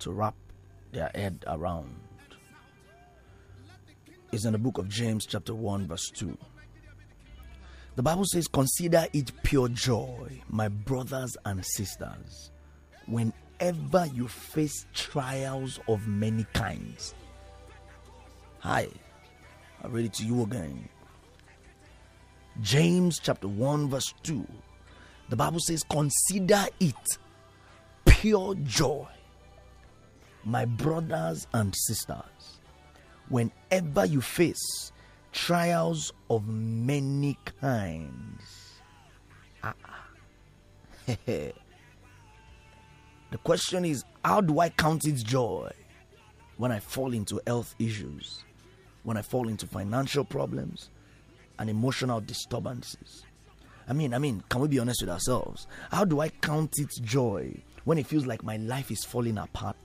to wrap their head around. It's in the book of James, chapter 1, verse 2. The Bible says, Consider it pure joy, my brothers and sisters, whenever you face trials of many kinds. Hi, I read it to you again. James chapter 1, verse 2. The Bible says, Consider it pure joy my brothers and sisters, whenever you face trials of many kinds, ah, the question is how do I count it joy when I fall into health issues, when I fall into financial problems and emotional disturbances? I mean, I mean, can we be honest with ourselves? How do I count it joy when it feels like my life is falling apart?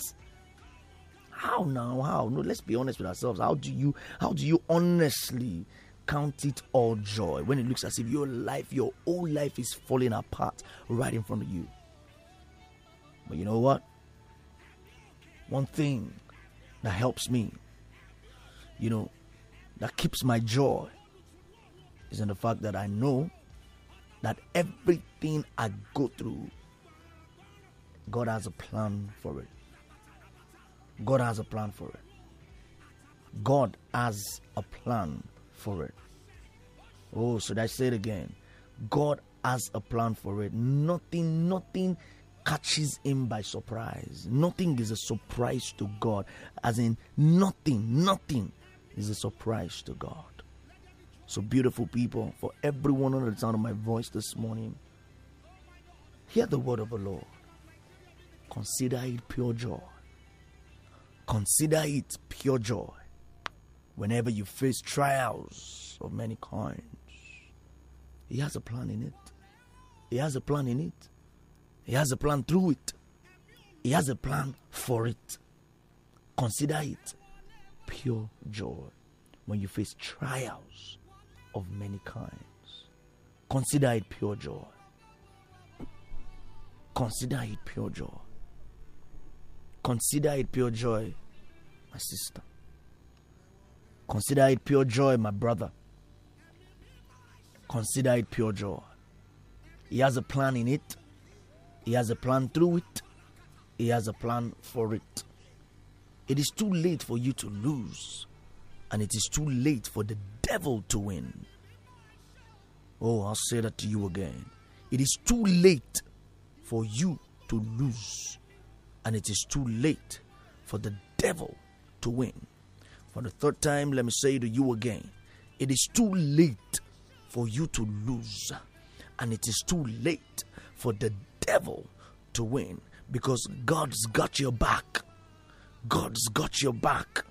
How now? How? No, let's be honest with ourselves. How do you how do you honestly count it all joy when it looks as if your life, your whole life is falling apart right in front of you? But you know what? One thing that helps me, you know, that keeps my joy is in the fact that I know that everything I go through, God has a plan for it. God has a plan for it. God has a plan for it. Oh, should I say it again? God has a plan for it. Nothing, nothing catches him by surprise. Nothing is a surprise to God. As in, nothing, nothing is a surprise to God. So, beautiful people, for everyone under the sound of my voice this morning, hear the word of the Lord. Consider it pure joy Consider it pure joy whenever you face trials of many kinds. He has a plan in it. He has a plan in it. He has a plan through it. He has a plan for it. Consider it pure joy when you face trials of many kinds. Consider it pure joy. Consider it pure joy. Consider it pure joy, my sister. Consider it pure joy, my brother. Consider it pure joy. He has a plan in it, He has a plan through it, He has a plan for it. It is too late for you to lose, and it is too late for the devil to win. Oh, I'll say that to you again. It is too late for you to lose, and it is too late for the devil to win. For the third time, let me say to you again it is too late for you to lose, and it is too late for the devil to win because God's got your back. God's got your back.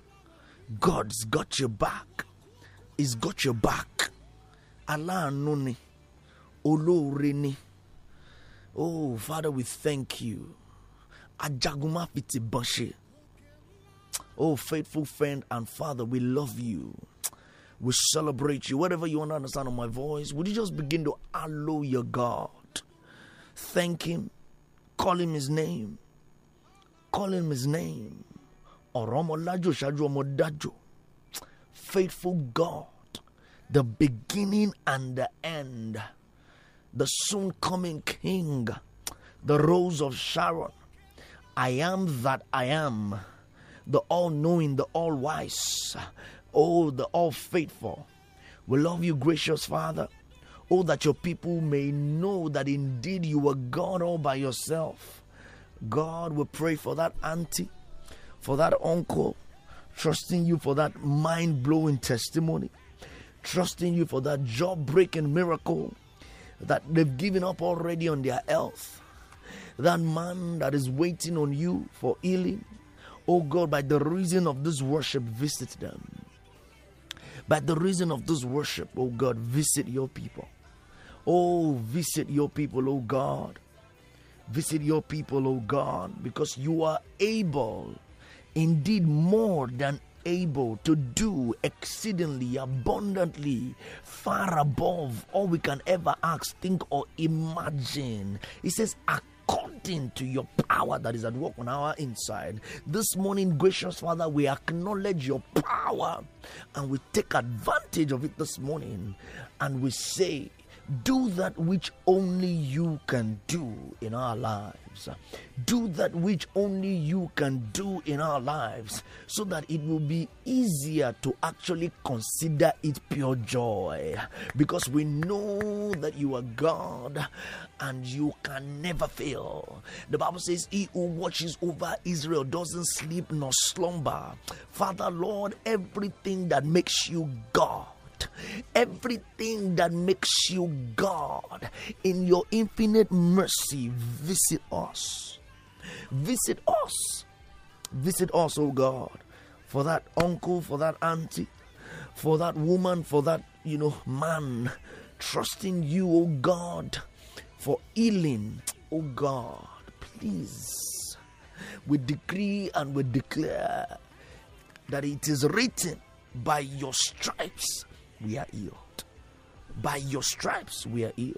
God's got your back. He's got your back. Allah ni. Olóore ni. Oh, Father, we thank you. Ajaguma Fitiboshi. Oh, faithful friend and father, we love you. We celebrate you. Whatever you want to understand of my voice, would you just begin to hallow your God? Thank Him. Call Him His name. Call Him His name. Oromolajo Shajuomodajo. Faithful God. The beginning and the end. The soon coming King. The rose of Sharon I am that I am, the all knowing, the all wise, oh, the all faithful. We love you, gracious Father. Oh, that your people may know that indeed you were God all by yourself. God, we pray for that auntie, for that uncle, trusting you for that mind blowing testimony, trusting you for that job breaking miracle that they've given up already on their health that man that is waiting on you for healing. Oh God, by the reason of this worship, visit them. By the reason of this worship, oh God, visit your people. Oh, visit your people, oh God. Visit your people, oh God, because you are able, indeed more than able to do exceedingly abundantly, far above all we can ever ask, think, or imagine. He says, according to your power that is at work on our inside. This morning, gracious Father, we acknowledge your power and we take advantage of it this morning and we say, do that which only you can do in our lives. Do that which only you can do in our lives so that it will be easier to actually consider it pure joy because we know that you are God and you can never fail. The Bible says, He who watches over Israel doesn't sleep nor slumber. Father, Lord, everything that makes you God everything that makes you God, in your infinite mercy, visit us. Visit us. Visit us, oh God, for that uncle, for that auntie, for that woman, for that, you know, man, trusting you, oh God, for healing, oh God, please. We decree and we declare that it is written by your stripes we are healed. By your stripes we are healed.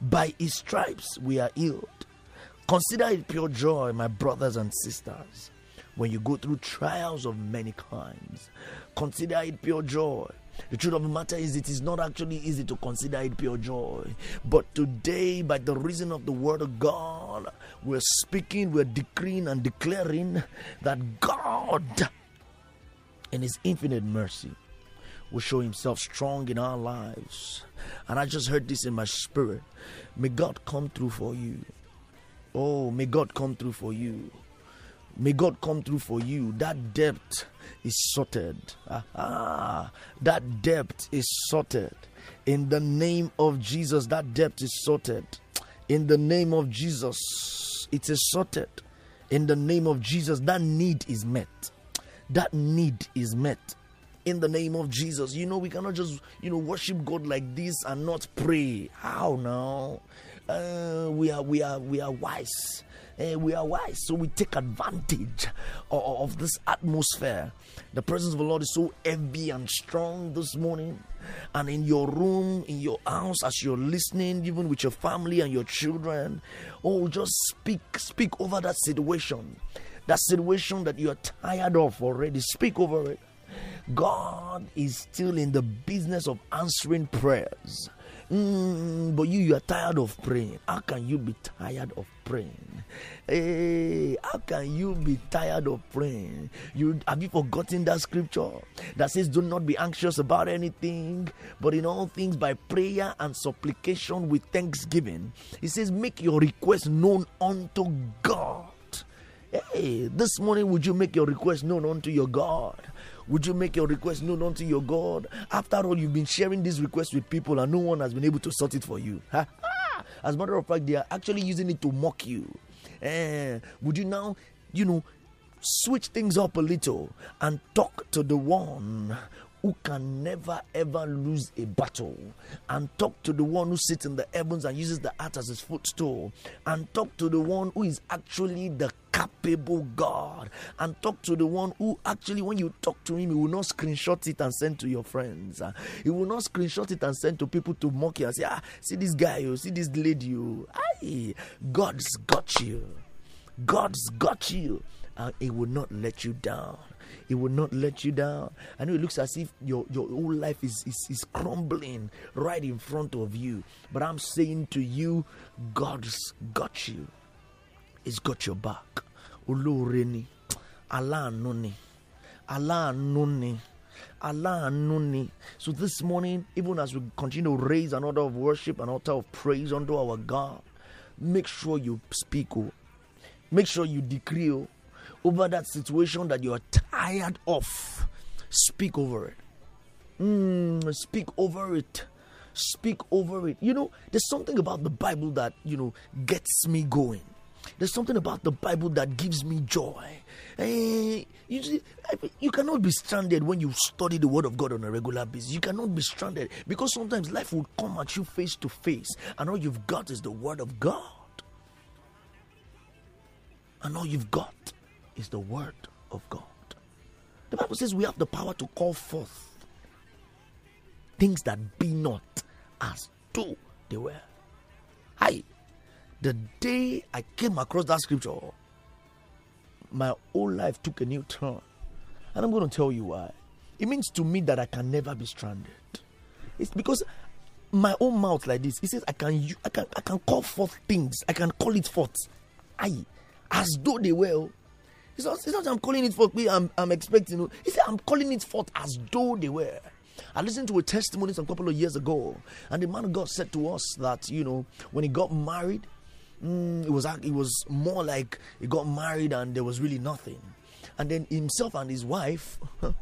By his stripes we are healed. Consider it pure joy, my brothers and sisters, when you go through trials of many kinds. Consider it pure joy. The truth of the matter is, it is not actually easy to consider it pure joy. But today, by the reason of the Word of God, we're speaking, we're decreeing, and declaring that God, in His infinite mercy, will show himself strong in our lives. And I just heard this in my spirit. May God come through for you. Oh, may God come through for you. May God come through for you. That debt is sorted. Ah, That debt is sorted. In the name of Jesus, that debt is sorted. In the name of Jesus, it is sorted. In the name of Jesus, that need is met. That need is met in the name of Jesus. You know, we cannot just, you know, worship God like this and not pray. How now? Uh, we are we are we are wise. Uh, we are wise, so we take advantage of, of this atmosphere. The presence of the Lord is so heavy and strong this morning. And in your room, in your house, as you're listening, even with your family and your children, oh, just speak, speak over that situation. That situation that you're tired of already, speak over it God is still in the business of answering prayers. Mm, but you, you are tired of praying. How can you be tired of praying? Hey, how can you be tired of praying? You have you forgotten that scripture that says, "Do not be anxious about anything, but in all things by prayer and supplication with thanksgiving." It says, "Make your request known unto God." Hey, this morning, would you make your request known unto your God? Would you make your request known unto your God? After all, you've been sharing this request with people and no one has been able to sort it for you. As a matter of fact, they are actually using it to mock you. Eh, would you now, you know, switch things up a little and talk to the one who can never ever lose a battle. And talk to the one who sits in the heavens and uses the earth as his footstool. And talk to the one who is actually the capable God. And talk to the one who actually, when you talk to him, he will not screenshot it and send to your friends. He will not screenshot it and send to people to mock you and say, ah, see this guy, you oh, see this lady, you. Oh, aye, God's got you. God's got you. And he will not let you down. He will not let you down. I know it looks as if your, your whole life is, is, is crumbling right in front of you. But I'm saying to you, God's got you. He's got your back. Olóore ni, aláàánú ni, aláàánú ni, aláàánú ni. So this morning, even as we continue to raise an altar of worship, an altar of praise unto our God, make sure you speak, oh. make sure you decree, oh over that situation that you are tired of. Speak over it. Mm, speak over it. Speak over it. You know, there's something about the Bible that, you know, gets me going. There's something about the Bible that gives me joy. Hey, eh, you, see, you cannot be stranded when you study the Word of God on a regular basis. You cannot be stranded because sometimes life will come at you face to face, and all you've got is the Word of God. And all you've got is the word of God. The Bible says we have the power to call forth things that be not as though they were. Hi, the day I came across that scripture, my whole life took a new turn. And I'm going to tell you why. It means to me that I can never be stranded. It's because my own mouth like this. It says I can I can I can call forth things. I can call it forth. I as though they were. Oh. It's not, it's not I'm calling it forth, I'm, I'm expecting. He said, I'm calling it forth as though they were. I listened to a testimony some couple of years ago, and the man of God said to us that, you know, when he got married, mm, it was it was more like he got married and there was really nothing. And then himself and his wife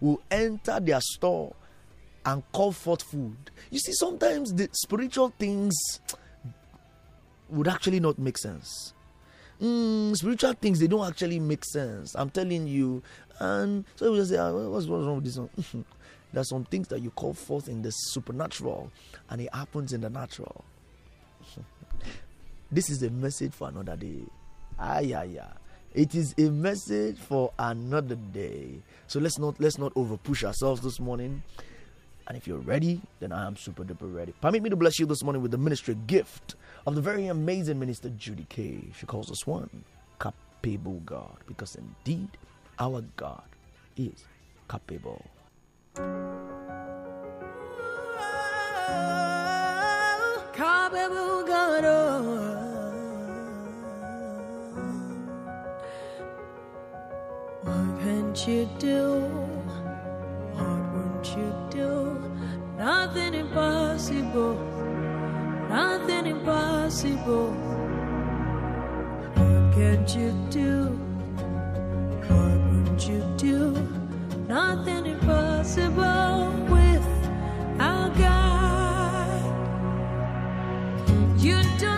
will enter their store and call forth food. You see, sometimes the spiritual things would actually not make sense mm, spiritual things they don't actually make sense. I'm telling you. And so we just say, ah, what's, what's wrong with this one? There's some things that you call forth in the supernatural, and it happens in the natural. this is a message for another day. Ah, yeah, yeah. It is a message for another day. So let's not let's not overpush ourselves this morning. And if you're ready, then I am super duper ready. Permit me to bless you this morning with the ministry gift of the very amazing minister Judy Kay. She calls us one capable God because indeed our God is capable. Capable God. Oh. What can't you do? What won't you do? Nothing impossible nothing impossible. What can't you do? What would not you do? Nothing impossible with our God. You don't.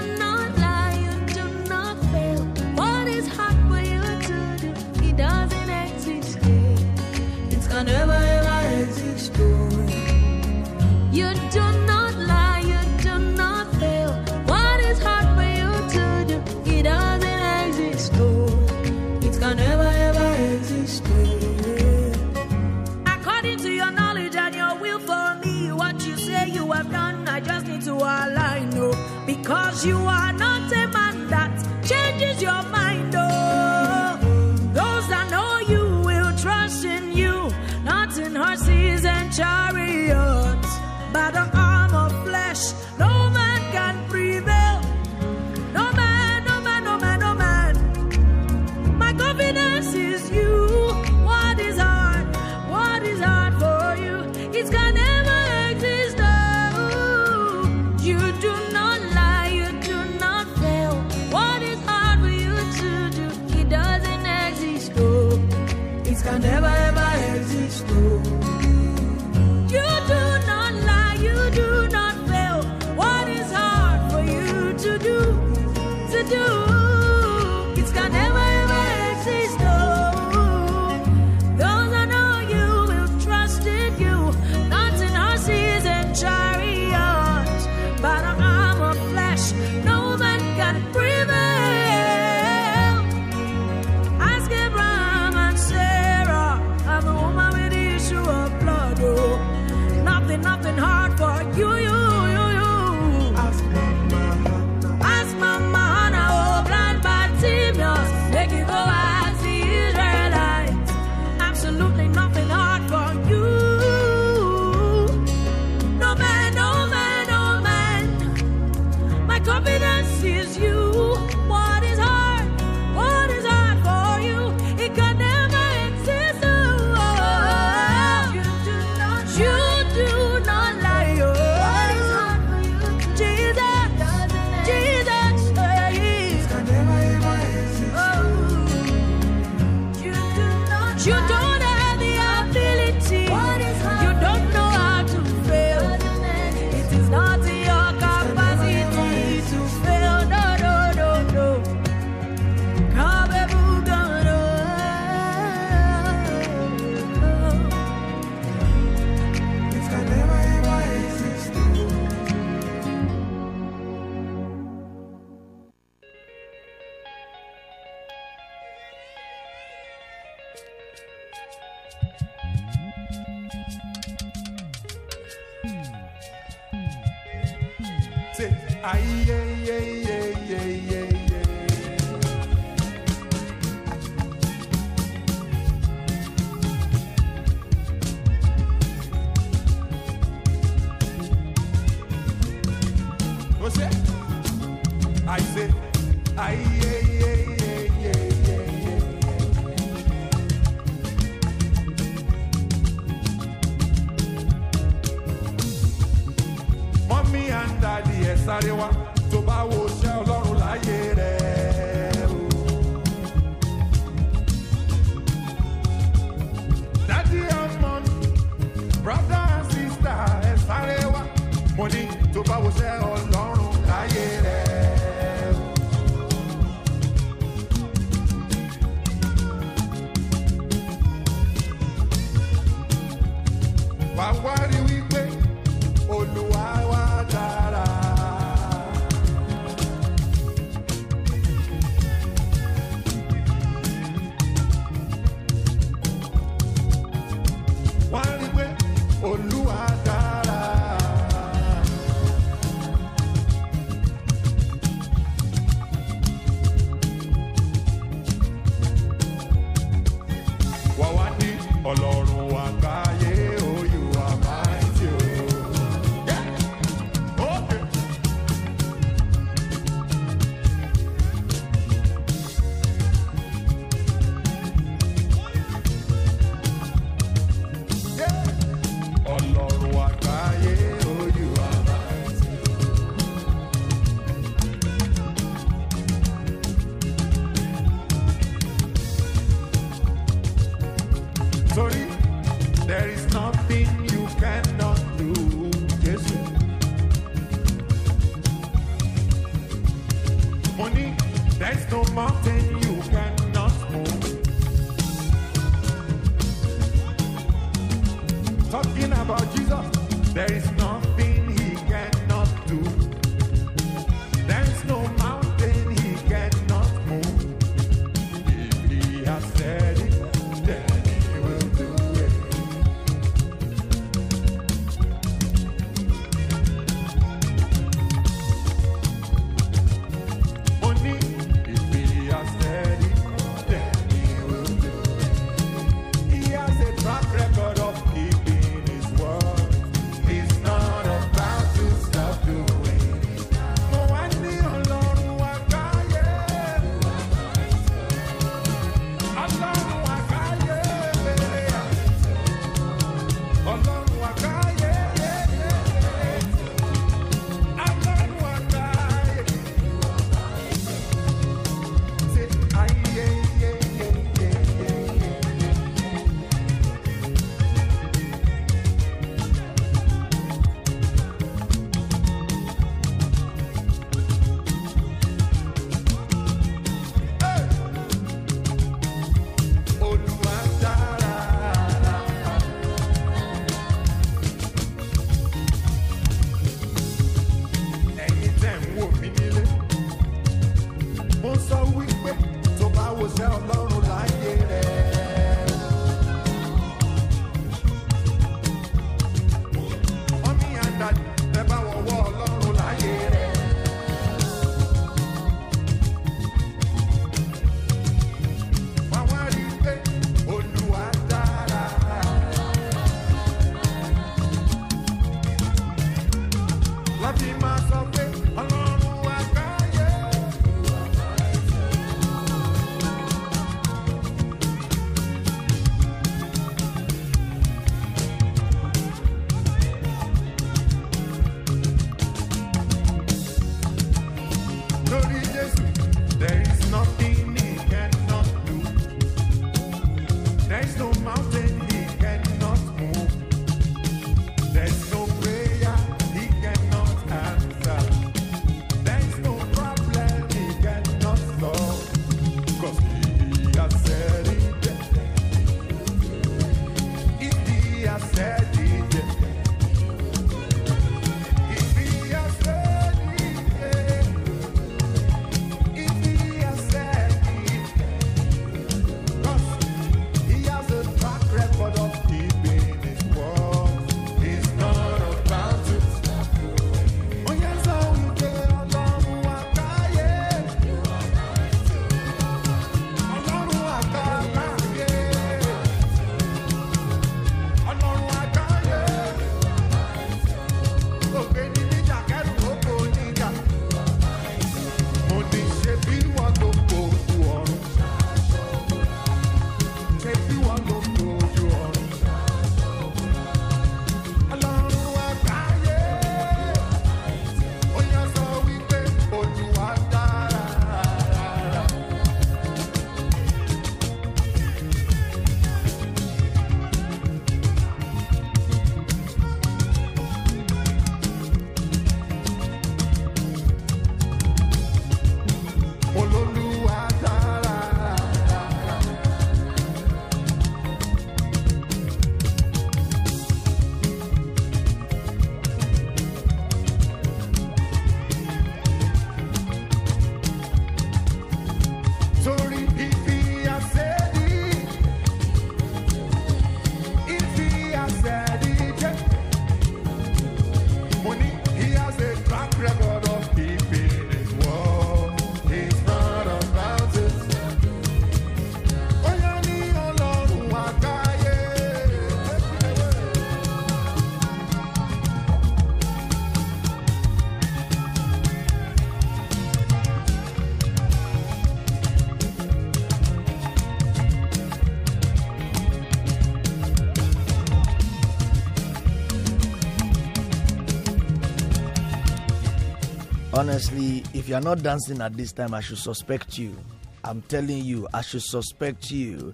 honestly, if you're not dancing at this time, I should suspect you. I'm telling you, I should suspect you.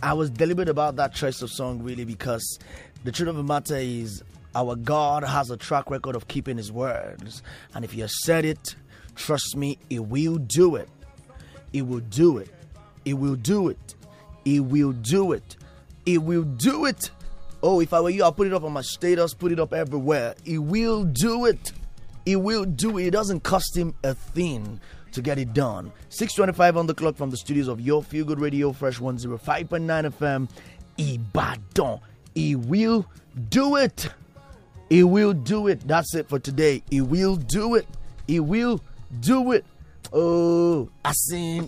I was deliberate about that choice of song really because the truth of the matter is our God has a track record of keeping his words. And if you said it, trust me, it will do it. It will do it. It will do it. It will do it. It will do it. Oh, if I were you, I'll put it up on my status, put it up everywhere. It will do it. He will do it. It doesn't cost him a thing to get it done. 625 on the clock from the studios of Your Feel Good Radio, Fresh 105.9 FM, Ibadan. He will do it. He will do it. That's it for today. He will do it. He will do it. Oh, I see.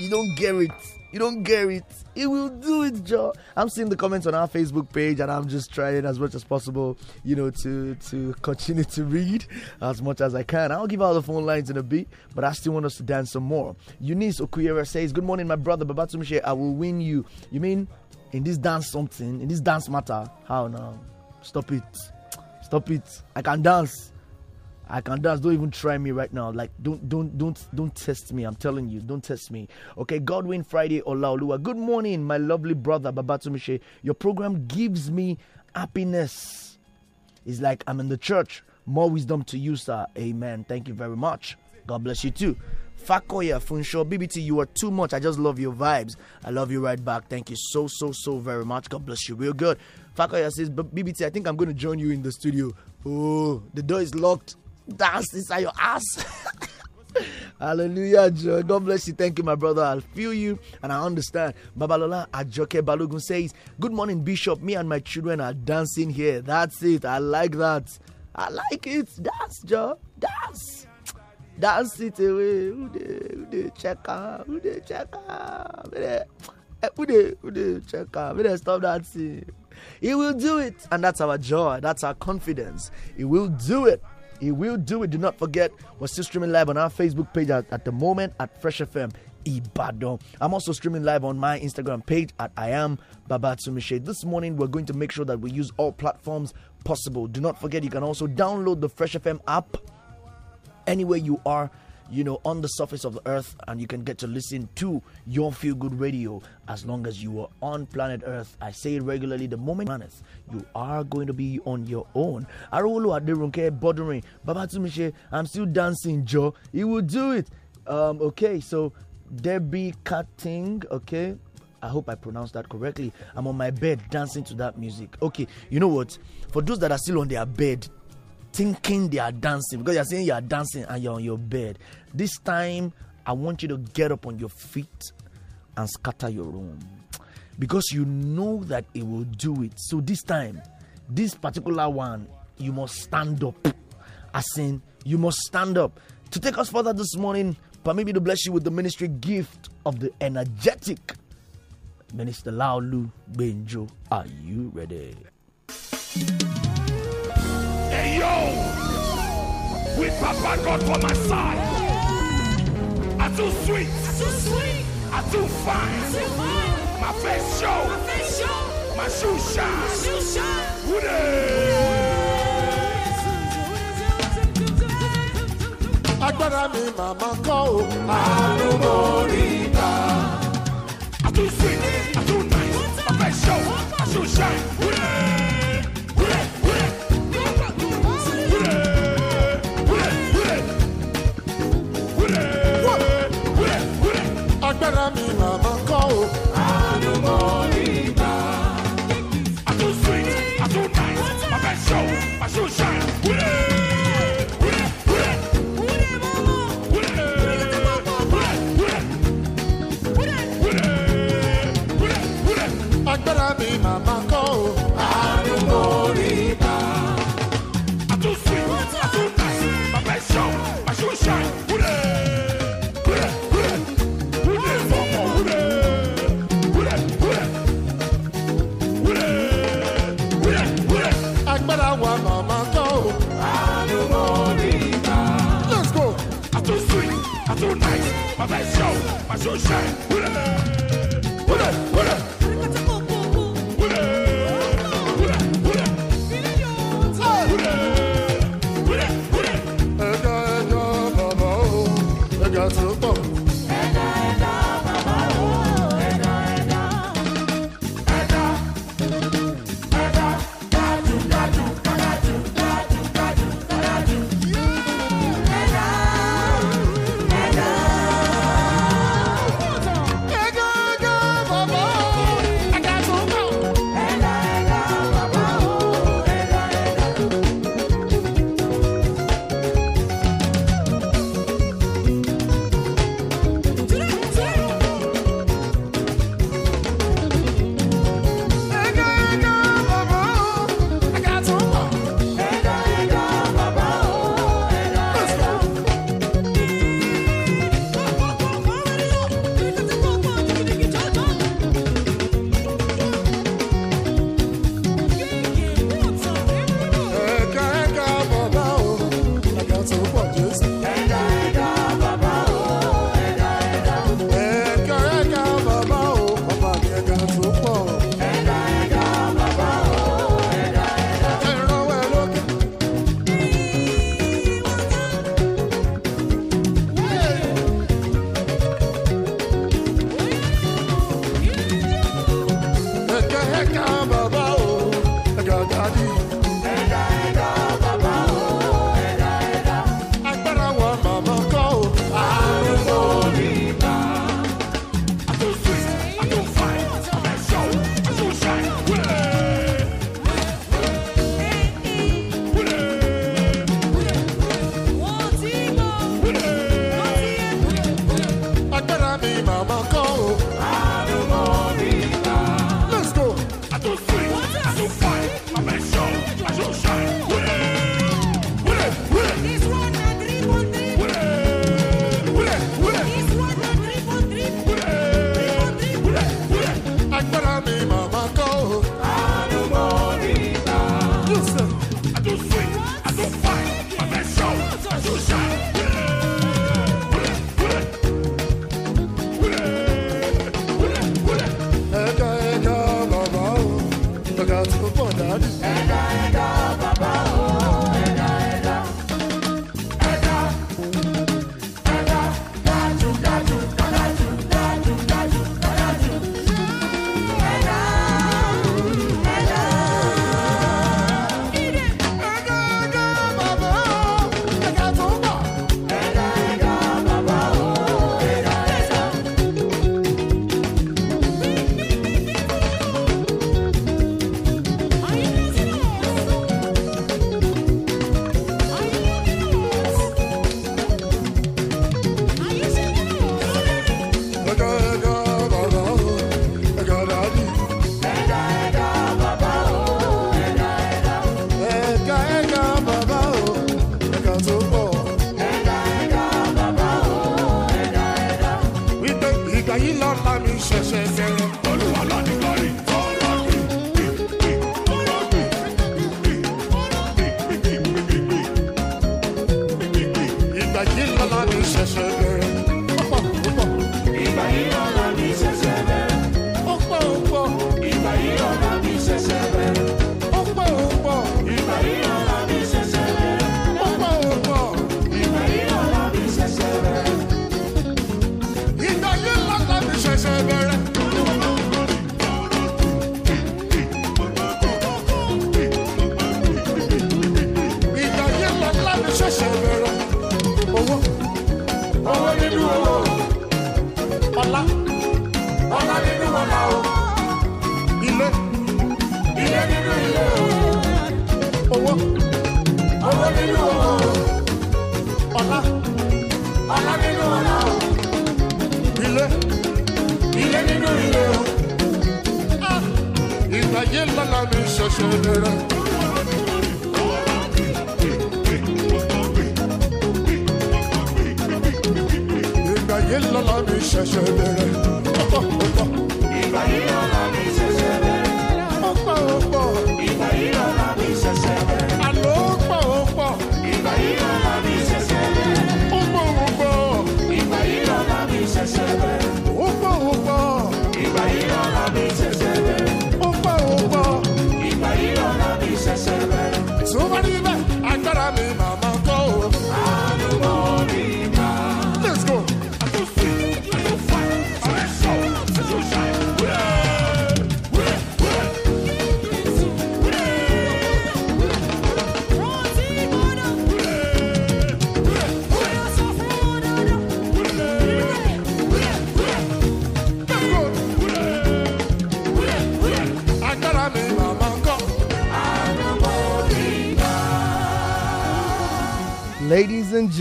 you don't get it. You don't get it. It will do it, Joe. I'm seeing the comments on our Facebook page, and I'm just trying as much as possible, you know, to to continue to read as much as I can. I'll give out the phone lines in a bit, but I still want us to dance some more. Eunice Okuyera says, "Good morning, my brother Babatunde. I will win you. You mean in this dance something? In this dance matter? How now? Stop it! Stop it! I can dance." I can dance. Don't even try me right now. Like don't don't don't don't test me. I'm telling you, don't test me. Okay, Godwin Friday Olaoluwa. Good morning, my lovely brother Babatumishe. Your program gives me happiness. It's like I'm in the church. More wisdom to you, sir. Amen. Thank you very much. God bless you too. Fakoya Funsho BBT, you are too much. I just love your vibes. I love you right back. Thank you so so so very much. God bless you. Real good. Fakoya says, BBT, I think I'm going to join you in the studio. Oh, the door is locked dance inside your ass. Hallelujah, joy! God bless you. Thank you, my brother. I feel you and I understand. Babalola Ajoke Balogun says, Good morning, Bishop. Me and my children are dancing here. That's it. I like that. I like it. Dance, Joe. Dance. Dance it away. Ude, ude, check out. Ude, check out. Eh, ude, ude, check out. Ude, stop dancing. He will do it. And that's our joy. That's our confidence. He will do it. He will do it. Do not forget, we're still streaming live on our Facebook page at, at the moment at Fresh FM. Ibadan. I'm also streaming live on my Instagram page at I am Babatsumiche. This morning, we're going to make sure that we use all platforms possible. Do not forget, you can also download the Fresh FM app anywhere you are you know, on the surface of the earth, and you can get to listen to your feel good radio as long as you are on planet earth. I say it regularly the moment you are going to be on your own. Arulu Adirunke Bothering, Babatumishe, I'm still dancing, Joe. He will do it. Um, okay, so Debbie Cutting, okay. I hope I pronounced that correctly. I'm on my bed dancing to that music. Okay, you know what? For those that are still on their bed thinking they are dancing because you're saying you are dancing and you're on your bed. This time, I want you to get up on your feet and scatter your room because you know that it will do it. So this time, this particular one, you must stand up. I say you must stand up. To take us further this morning, permit me to bless you with the ministry gift of the energetic Minister Laulu Benjo. Are you ready? with Papa God for my side. I too sweet, I too sweet, I too fine, I too fine. My face show, my face show, my shoes shine, my shoes shine. Who Agbára mi màmá kọ́ o. ta. I too sweet, I too nice, my face show, my shoes shine. Wúlẹ̀. I'm mi màmá kọ́ o.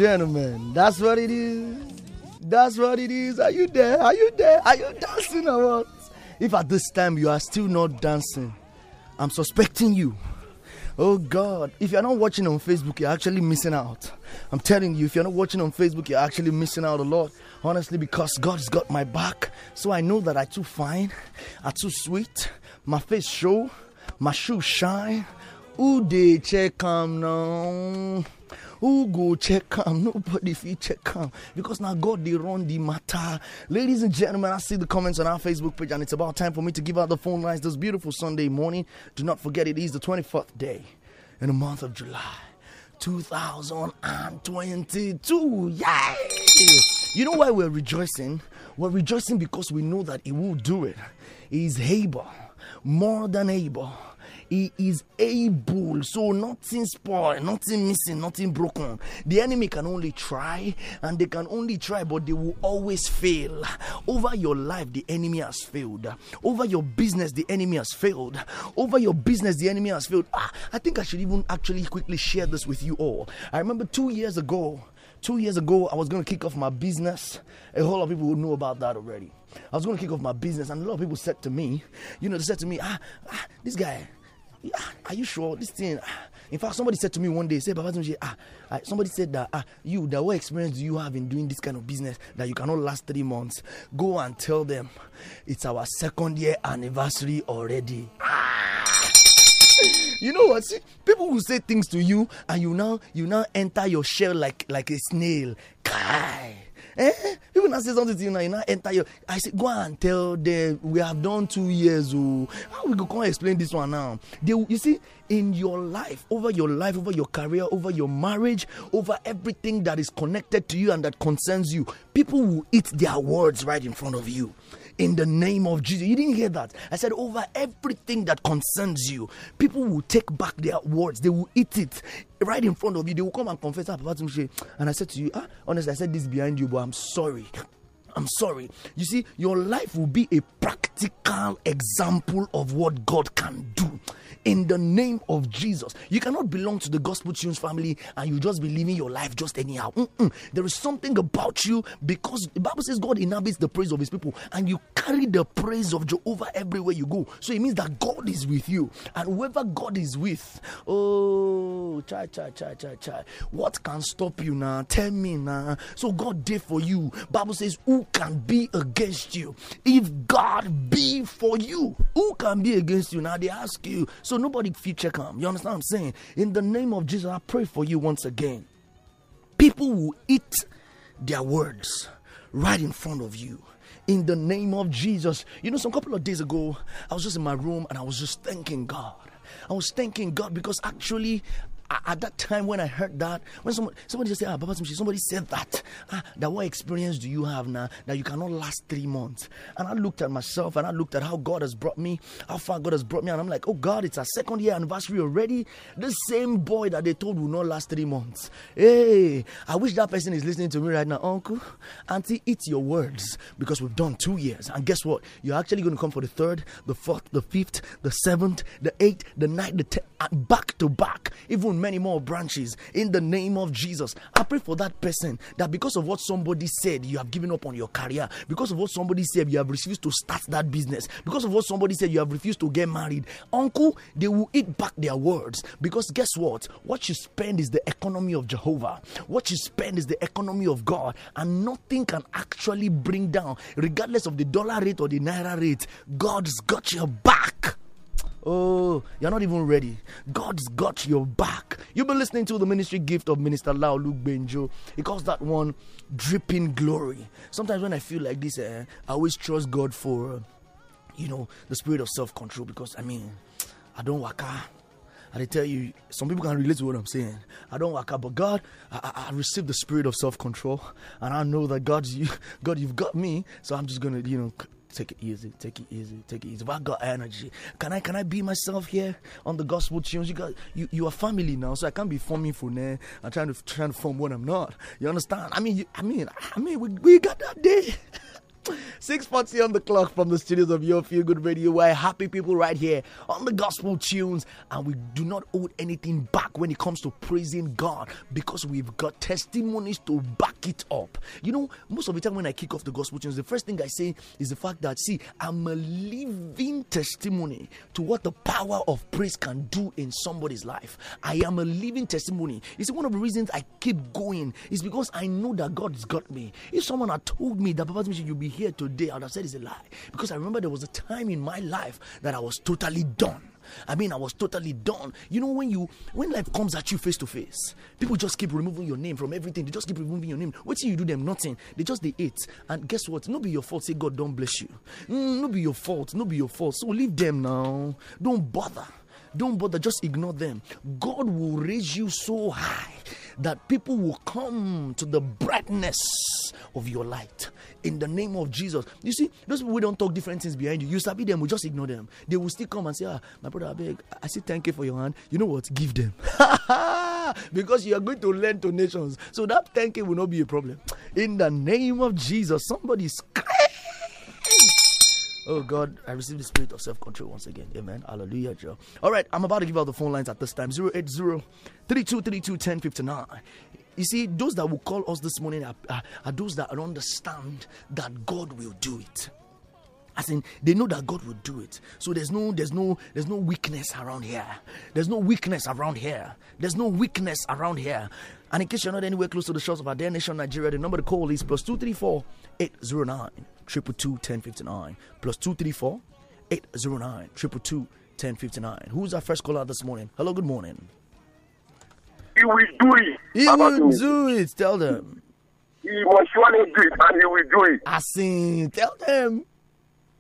gentlemen, that's what it is. That's what it is. Are you there? Are you there? Are you dancing or what? If at this time you are still not dancing, I'm suspecting you. Oh God, if you're not watching on Facebook, you're actually missing out. I'm telling you, if you're not watching on Facebook, you're actually missing out a lot. Honestly, because God's got my back. So I know that I too fine, I too sweet, my face show, my shoes shine. Who they check come now? Who go check come? Nobody fit check come because now God the run the matter. Ladies and gentlemen, I see the comments on our Facebook page, and it's about time for me to give out the phone lines this beautiful Sunday morning. Do not forget it is the 24th day in the month of July. 2022. Yay! You know why we're rejoicing? We're rejoicing because we know that He will do it. He is able, more than able he is able. So nothing spoiled, nothing missing, nothing broken. The enemy can only try and they can only try, but they will always fail. Over your life, the enemy has failed. Over your business, the enemy has failed. Over your business, the enemy has failed. Ah, I think I should even actually quickly share this with you all. I remember two years ago, two years ago, I was going to kick off my business. A whole lot of people would know about that already. I was going to kick off my business, and a lot of people said to me, you know, they said to me, ah, ah this guy, yeah, are you sure this thing? Ah, in fact, somebody said to me one day, say, Baba Tunji, ah, ah, somebody said that ah, you, that what experience do you have in doing this kind of business that you cannot last three months? Go and tell them it's our second year anniversary already. you know what? See, people will say things to you, and you now you now enter your shell like like a snail. Kai. Eh? People now say something to you now, you now enter your. I say, go and tell them we have done two years. Oh, how we go come explain this one now? They, you see, in your life, over your life, over your career, over your marriage, over everything that is connected to you and that concerns you, people will eat their words right in front of you in the name of Jesus. You didn't hear that. I said, over everything that concerns you, people will take back their words, they will eat it right in front of you. They will come and confess, about some shit. And I said to you, ah, honestly, I said this behind you, but I'm sorry. I'm sorry. You see, your life will be a practical example of what God can do in the name of Jesus. You cannot belong to the gospel tunes family and you just be living your life just anyhow. Mm-mm. There is something about you because the Bible says God inhabits the praise of his people and you carry the praise of Jehovah everywhere you go. So it means that God is with you and whoever God is with, oh, cha cha cha cha cha. What can stop you now? Tell me now. So God did for you. Bible says, who can be against you? If God be for you, who can be against you? Now they ask you. So so nobody future come. You understand what I'm saying? In the name of Jesus, I pray for you once again. People will eat their words right in front of you in the name of Jesus. You know, some couple of days ago, I was just in my room and I was just thanking God. I was thanking God because actually at that time when I heard that, when someone, somebody just said, ah, Baba Tumshi, somebody said that, ah, that what experience do you have now that you cannot last three months? And I looked at myself and I looked at how God has brought me, how far God has brought me, and I'm like, oh God, it's our second year anniversary already. The same boy that they told will not last three months. Hey, I wish that person is listening to me right now, uncle, auntie, It's your words because we've done two years. And guess what? You're actually going to come for the third, the fourth, the fifth, the seventh, the eighth, the ninth, the tenth, uh, back to back, even open many more branches in the name of Jesus. I pray for that person that because of what somebody said, you have given up on your career. Because of what somebody said, you have refused to start that business. Because of what somebody said, you have refused to get married. Uncle, they will eat back their words. Because guess what? What you spend is the economy of Jehovah. What you spend is the economy of God. And nothing can actually bring down, regardless of the dollar rate or the naira rate. God's got your back. Oh, you're not even ready. God's got your back. You've been listening to the ministry gift of Minister Lao Luke Benjo. He calls that one dripping glory. Sometimes when I feel like this, eh, I always trust God for, you know, the spirit of self control because I mean, I don't waka. I tell you, some people can relate to what I'm saying. I don't work out, but God, I, I received the spirit of self-control, and I know that God's you, God, you've got me. So I'm just gonna, you know, take it easy, take it easy, take it easy. If I got energy, can I can I be myself here on the gospel tunes? You got you, you are family now, so I can't be forming for now. I'm trying to trying to form what I'm not. You understand? I mean, you, I mean, I mean, we, we got that day. 6.40 on the clock from the studios of Your Feel Good Radio. We're happy people right here on the gospel tunes, and we do not hold anything back when it comes to praising God because we've got testimonies to back it up. You know, most of the time when I kick off the gospel tunes, the first thing I say is the fact that, see, I'm a living testimony to what the power of praise can do in somebody's life. I am a living testimony. You see, one of the reasons I keep going is because I know that God's got me. If someone had told me that, Papa, you'll be here today, I would have said it's a lie. Because I remember there was a time in my life that I was totally done. I mean, I was totally done. You know, when you when life comes at you face to face, people just keep removing your name from everything. They just keep removing your name. What till you do them nothing? They just they hate. And guess what? No be your fault. Say God don't bless you. Mm, no be your fault. No be your fault. So leave them now. Don't bother. Don't bother. Just ignore them. God will raise you so high that people will come to the brightness of your light in the name of Jesus. You see, those people don't talk different things behind you, you sabi them, we just ignore them. They will still come and say, Ah, my brother, I beg, I say thank you for your hand. You know what? Give them. because you are going to lend to nations. So that thank you will not be a problem. In the name of Jesus, somebody scream Oh God, I receive the spirit of self control once again. Amen. Hallelujah, Joe. All right, I'm about to give out the phone lines at this time 080 You see, those that will call us this morning are, are, are those that understand that God will do it as in they know that god will do it so there's no there's no there's no weakness around here there's no weakness around here there's no weakness around here and in case you're not anywhere close to the shores of our dear nation, Nigeria, the number to call is plus 234 809 222 1059. Plus 234 809 222 1059. Who's our first caller this morning? Hello, good morning. He will do it. He will do it. Tell them. He must surely do it and he will do it. I see. Tell them.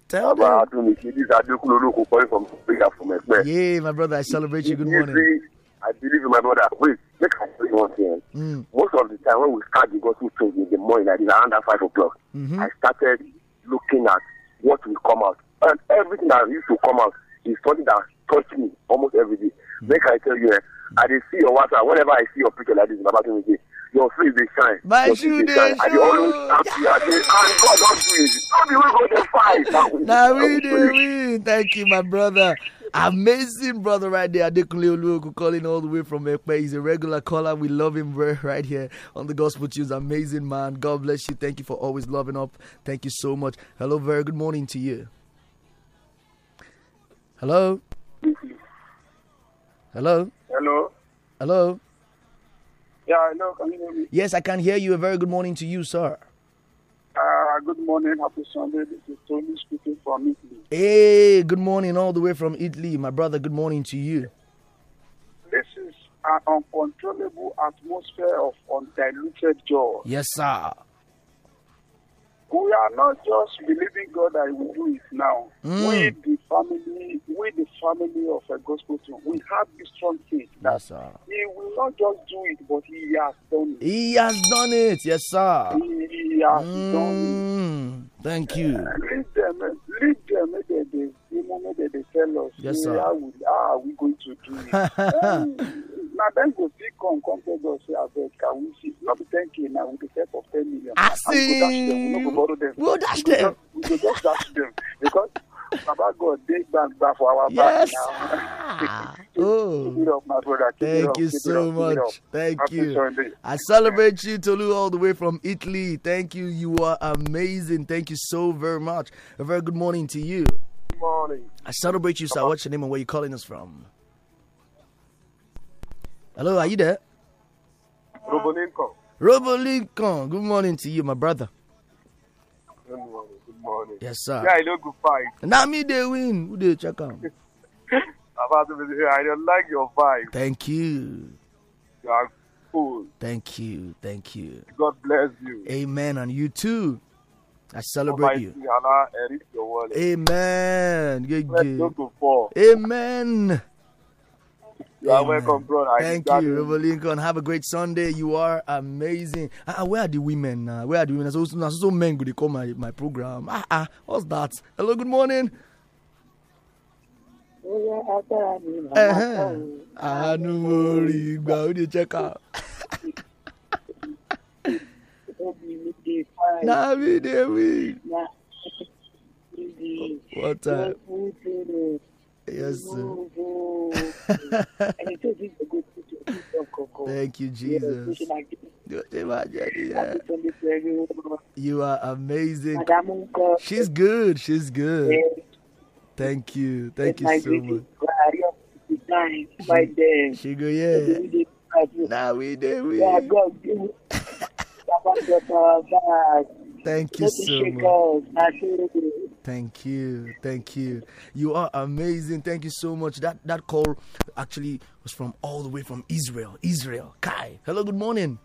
Tell them. Yeah, my brother, I celebrate you. Good morning. I believe in my brother. Wait, make I tell you one thing. Mm. Most of the time when we start the gospel thing in the morning, like around that five o'clock, mm-hmm. I started looking at what will come out. And everything that used to come out is something that touched me almost every day. Mm-hmm. Make I tell you, eh, I see your water, whenever I see your picture like this, Baba Tunde say your face is shine. My your shoe dey shine. I dey always happy. I dey and God don do it. No be we go dey fight. Na we dey win. Thank you, my brother. Amazing brother right there, Adekunle Oluoku, calling all the way from Ekpe. He's a regular caller. We love him right here on the Gospel Tunes. Amazing man. God bless you. Thank you for always loving up. Thank you so much. Hello, very good morning to you. Hello. Hello. Hello. Hello. Yeah, hello. Can you hear me? Yes, I can hear you. A very good morning to you, sir. Uh, good morning, happy Sunday. This is Tony speaking from Italy. Hey, good morning, all the way from Italy, my brother. Good morning to you. This is an uncontrollable atmosphere of undiluted joy. Yes, sir. we are not just believing God that He will do it now. Mm. We, the family, we, the family of a gospel team, we have the strong faith that yes, sir. He will not just do it, but He has done it. He has done it, yes, sir. He, has mm. done it. Hmm. Thank you. Uh, lead them, eh, lead them, eh, they, they women that they tell us yes, say how we how are we going to do it um, My na dem go still come come tell us say abeg can we see no be ten k now we dey help of ten million asi we no go borrow dem we go dash dem we go just dash dem because baba god dey gbagba for our yes. back now. oh. up, my brother. Keep thank you so much. Thank Happy you. Sunday. I celebrate you, Tolu, all the way from Italy. Thank you. You are amazing. Thank you so very much. A very good morning to you. Good morning. I celebrate you, sir. What's your name and where you calling us from? Hello, are you there? Robo Lincoln. Robo Lincoln. Good morning to you, my brother. Good morning. Good morning. Yes, sir. Yeah, I know. good fight. Now me they win. Who they check out? About to be here. I don't like your vibe. Thank you. You are cool. Thank you. Thank you. God bless you. Amen. And you too. I celebrate you. Amen. Amen. You are welcome, brother. Thank you, Reverend Lincoln. Have a great Sunday. You are amazing. uh, where are the women Uh, where are the women? So, many so men could call my, my program. Ah, ah, what's that? Hello, good morning. Uh-huh. I know, check out. Na me dey we. What time? Yes. sir. Thank you, Jesus. You are amazing. She's good. She's good. Thank you. Thank you so much. She, she go, yeah. Now we did. We. Thank you so much. Thank you. Thank you. You are amazing. Thank you so much. That that call actually was from all the way from Israel. Israel. Kai. Hello, good morning.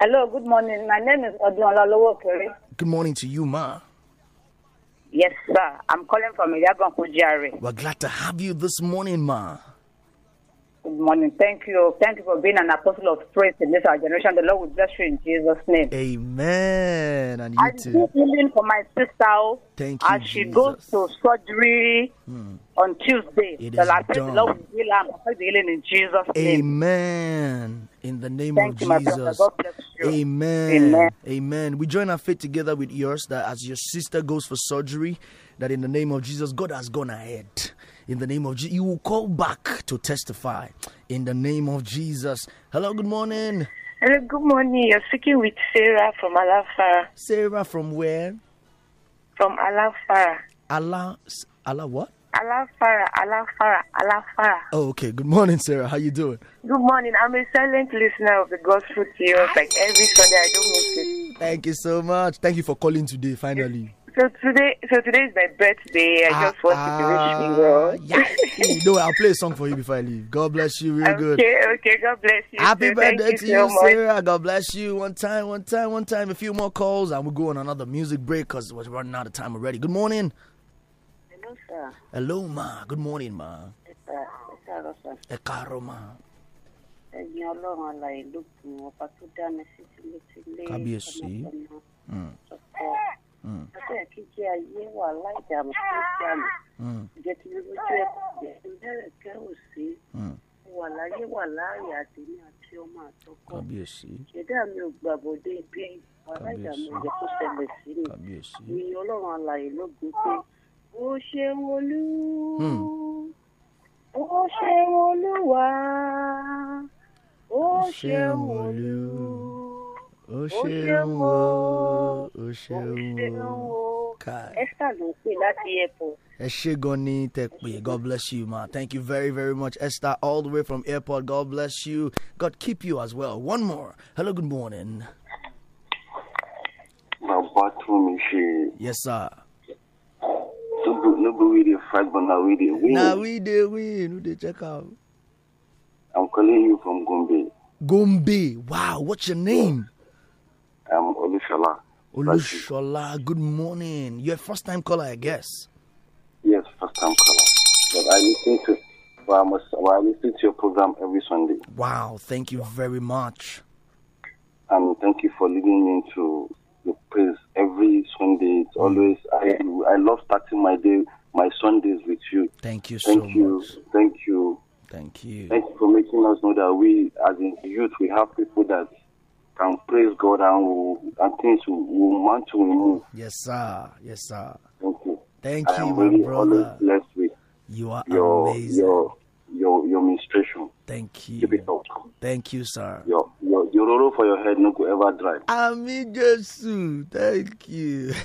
Hello, good morning. My name is Odunla Lowokere. Good morning to you, Ma. Yes, sir. I'm calling from Iliagon Kujari. We're glad to have you this morning, Ma. Good morning. Thank you. Thank you for being an apostle of praise in this our generation. The Lord will bless you in Jesus' name. Amen. And you I too. healing for my sister. Oh, Thank you. As she Jesus. goes to surgery hmm. on Tuesday, it the, Lord, the Lord will heal i perfect the healing in Jesus' name. Amen. In the name Thank of you, Jesus. Amen. Amen. Amen. We join our faith together with yours that as your sister goes for surgery, that in the name of Jesus, God has gone ahead in the name of Jesus. You will call back to testify in the name of Jesus. Hello, good morning. Hello, good morning. You're speaking with Sarah from Alafara. Sarah from where? From Alafara. Allah, Allah what? Alafara, Alafara, Alafara. Oh, okay. Good morning, Sarah. How you doing? Good morning. I'm a silent listener of the gospel to you. Like every Sunday, I don't miss it. Thank you so much. Thank you for calling today. Finally. So today, so today is my birthday. I ah, just want ah, to wish me ah, well. Yeah. no, I'll play a song for you before I leave. God bless you, real okay, good. Okay, okay. God bless you. Happy birthday to you, so Sarah. God bless you. One time, one time, one time. A few more calls, and we'll go on another music break because we're running out of time already. Good morning. Hello, sir. Hello, ma. Good morning, ma. Ẹ káàárọ̀ ma. Ẹ̀yin Ọlọ́run alàyè ọba tó dá mi sí sílé sílé. Kábíyèsí. Ọkọ ẹ kí jẹ ayé wà láìdààmú tó jàmù jẹ kí jẹ jẹ kẹ ò sí hmm. wà láyé wà láàyè àtẹmí àti ọmọ àtọkọ ṣẹ̀dá mi ò gbàbọdé bí wà láìdààmú kó ṣẹlẹ̀ sí mi ni Ọlọ́run alàyè ló gbé pé ó ṣeun olú hmm. ó ṣeun olúwa ó ṣeun olú. O ṣeun o, o ṣeun o. Esther ló pè láti airport. God bless you ma thank you very very much Esther all the way from airport God bless you God keep you as well one more hello good morning. Bàbá tún mi Yes sir. No be we dey fight but na we dey win. we dey win who dey check am. I'm calling you from Gombe. Gombe wow what's your name? Yeah. I'm Olushola. Olushola, good morning. You're a first time caller, I guess. Yes, first time caller. But I listen to well, I, must, well, I listen to your program every Sunday. Wow, thank you very much. And thank you for leading me to the praise every Sunday. It's mm. always I I love starting my day my Sundays with you. Thank you thank so you, much. Thank you. Thank you. Thank you for making us know that we, as in youth, we have people that can praise God and, will, and things will, will mount to Him. Yes, sir. Yes, sir. Thank you. Thank I you, my really brother. Blessed with you are your, amazing. Your, your, your ministration. Thank you. Thank you, sir. Your, your yororo for your head no go ever dry. Ami Jesu, thank you,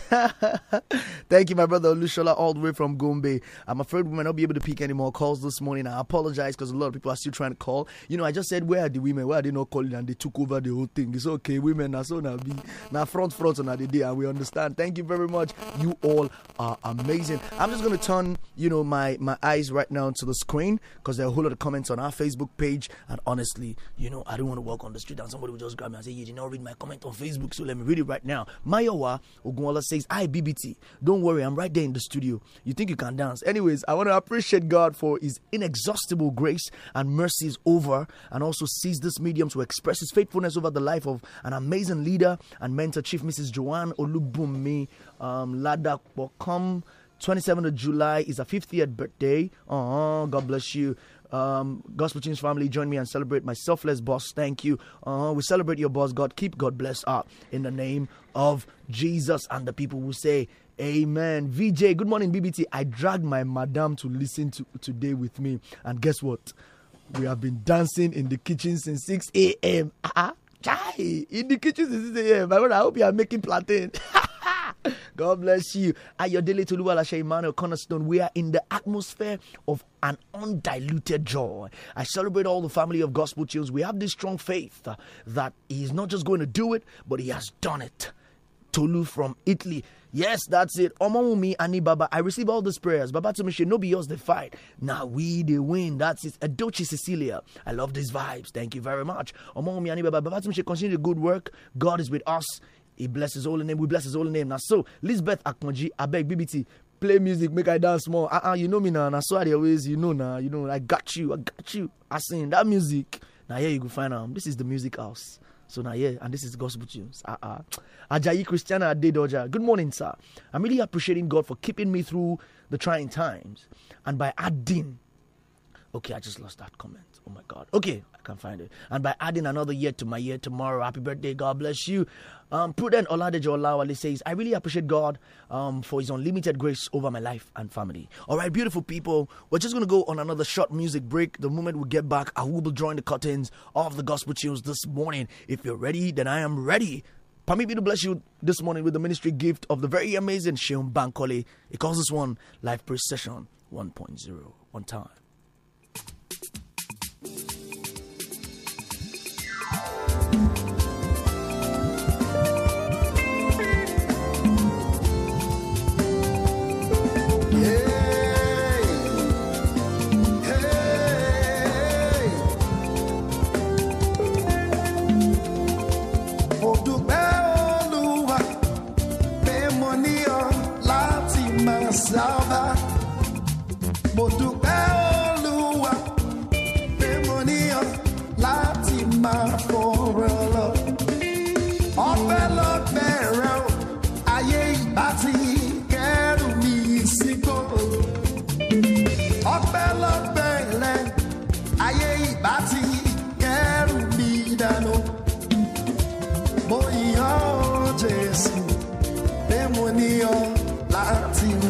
thank you, my brother Olushola, all the way from Gombe. I'm afraid we might not be able to pick any more calls this morning. I apologize because a lot of people are still trying to call. You know, I just said where are the women? Why are they not calling? And they took over the whole thing. It's okay, women are so now be now front front on the day, and we understand. Thank you very much. You all are amazing. I'm just gonna turn you know my my eyes right now to the screen because there are a whole lot of comments on our Facebook page, and honestly, you know, I don't want to walk on the street somebody will just grab me and say, You did not read my comment on Facebook, so let me read it right now. Mayowa Ogunwala says, "I BBT. Don't worry, I'm right there in the studio. You think you can dance? Anyways, I want to appreciate God for his inexhaustible grace and mercies over and also seize this medium to express his faithfulness over the life of an amazing leader and mentor, Chief Mrs. Joanne Olubumi um, Ladakbokom. 27th of July is her 50th birthday. Oh, God bless you. Um, Gospel Tunes family, join me and celebrate my selfless boss. Thank you. Uh, we celebrate your boss. God keep God bless up in the name of Jesus. And the people will say, Amen. VJ, good morning, BBT. I dragged my madam to listen to today with me. And guess what? We have been dancing in the kitchen since 6 a.m. Uh-uh. Ah, ah, chai, in the kitchen since 6 a.m. My brother, I hope you are making plantain. God bless you. At your daily Tuluwalashe Emmanuel Cornerstone, we are in the atmosphere of an undiluted joy. I celebrate all the family of gospel tunes. We have this strong faith that He's not just going to do it, but He has done it. Tolu from Italy. Yes, that's it. Omawumi Ani Baba. I receive all these prayers. Baba Tumishe, no be yours the fight. Now we the win. That's it. Adochi Cecilia. I love these vibes. Thank you very much. Omawumi Ani Baba. Baba she continue the good work. God is with us. He blesses all in name. We bless his holy name. Now, so Lisbeth Akmonji, I beg BBT, play music, make I dance more. Uh, uh you know me now. Now, so the always, you know now, you know, I got you, I got you. I sing that music. Now, here you go find out. This is the music house. So now, yeah, and this is gospel tunes. Uh uh. Ajayi Christiana Adedoja, good morning, sir. I'm really appreciating God for keeping me through the trying times and by adding. Okay, I just lost that comment. Oh my God. Okay, I can find it. And by adding another year to my year tomorrow, happy birthday. God bless you. Um, Prudent Oladejo Olawale says, I really appreciate God um, for his unlimited grace over my life and family. All right, beautiful people. We're just going to go on another short music break. The moment we get back, I will be drawing the curtains of the gospel tunes this morning. If you're ready, then I am ready. Permit me to bless you this morning with the ministry gift of the very amazing Sheon Bankole. He calls this one Life Procession 1.0 on time.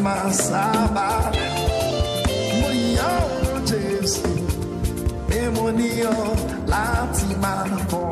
masaba Moyo Jésù Èmo láti máa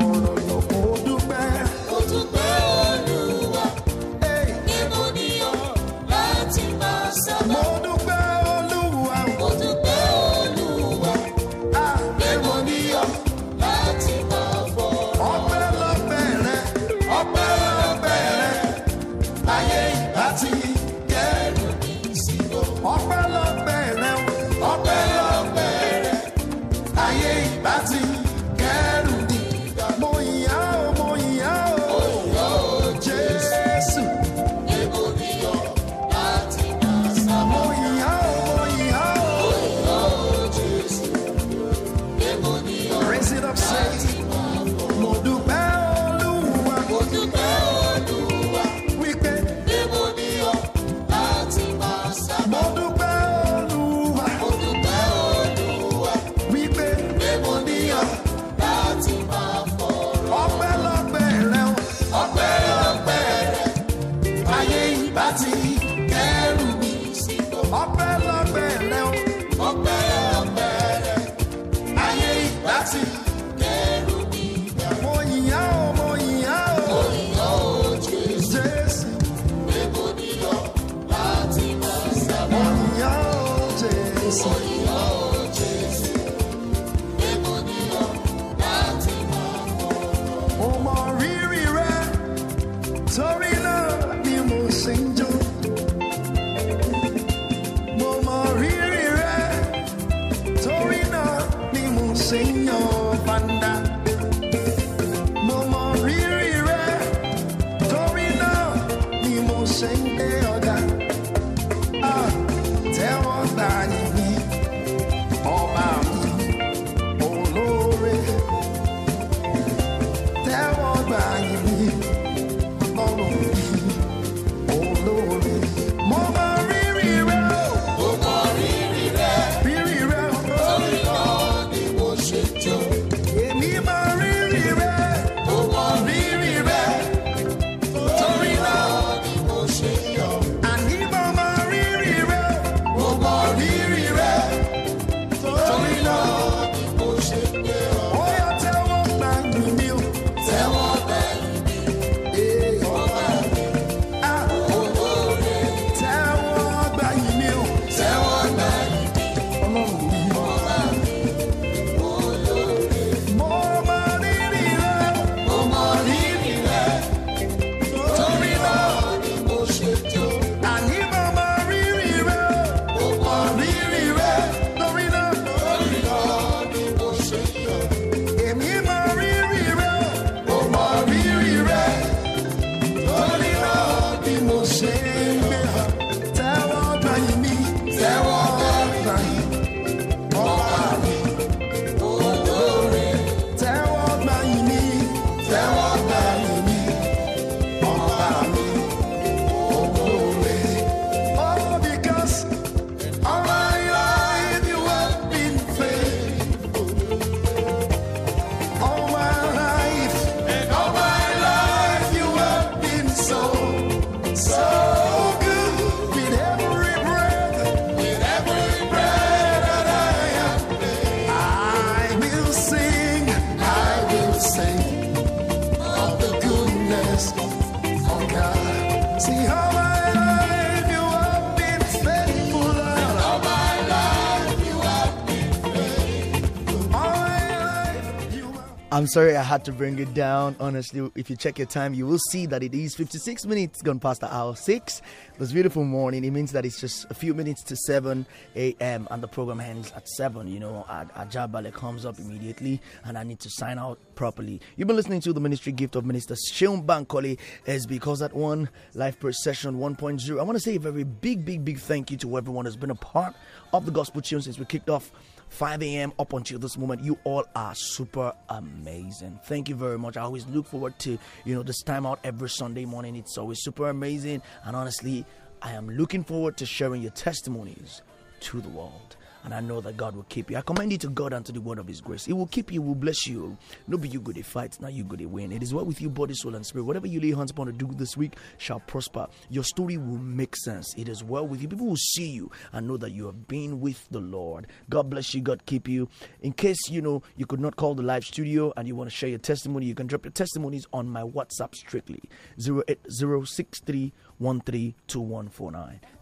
I'm sorry I had to bring it down. Honestly, if you check your time, you will see that it is 56 minutes gone past the hour six. This beautiful morning, it means that it's just a few minutes to 7 a.m. and the program ends at 7. You know, Ajabale comes up immediately and I need to sign out properly. You've been listening to the ministry gift of Minister Sheung Bankole is because that one life procession 1.0. I want to say a very big, big, big thank you to everyone who's been a part of the gospel tune since we kicked off 5 a.m. up until this moment. You all are super amazing. Thank you very much. I always look forward to, you know, this time out every Sunday morning. It's always super amazing. And honestly, I am looking forward to sharing your testimonies to the world and I know that God will keep you. I commend you to God and to the word of His grace. He will keep you, will bless you. No be you good to fight, now you good to win. It is well with you, body, soul, and spirit. Whatever you lay hands upon to do this week shall prosper. Your story will make sense. It is well with you. People will see you and know that you have been with the Lord. God bless you. God keep you. In case you know you could not call the live studio and you want to share your testimony, you can drop your testimonies on my WhatsApp strictly 08063132149.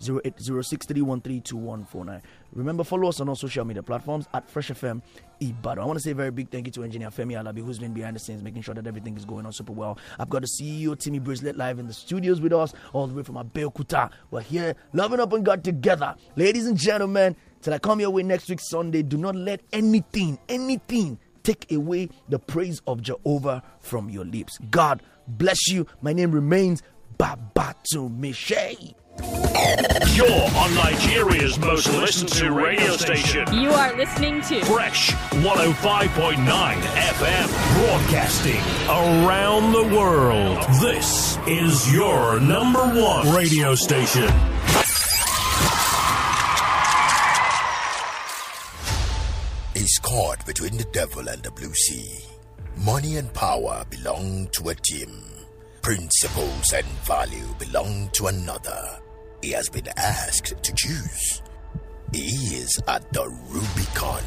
08063132149. Remember, follow us on all social media platforms at Fresh FM Ibadan. I want to say a very big thank you to engineer Femi Alabi, who's been behind the scenes, making sure that everything is going on super well. I've got the CEO, Timmy Bracelet live in the studios with us, all the way from Abeokuta. We're here, loving up on God together. Ladies and gentlemen, till I come your way next week, Sunday, do not let anything, anything take away the praise of Jehovah from your lips. God bless you. My name remains Babatu Michelle. You're on Nigeria's most listened to radio station. You are listening to Fresh 105.9 FM, broadcasting around the world. This is your number one radio station. Is caught between the devil and the blue sea. Money and power belong to a team principles and value belong to another. He has been asked to choose. He is at the Rubicon.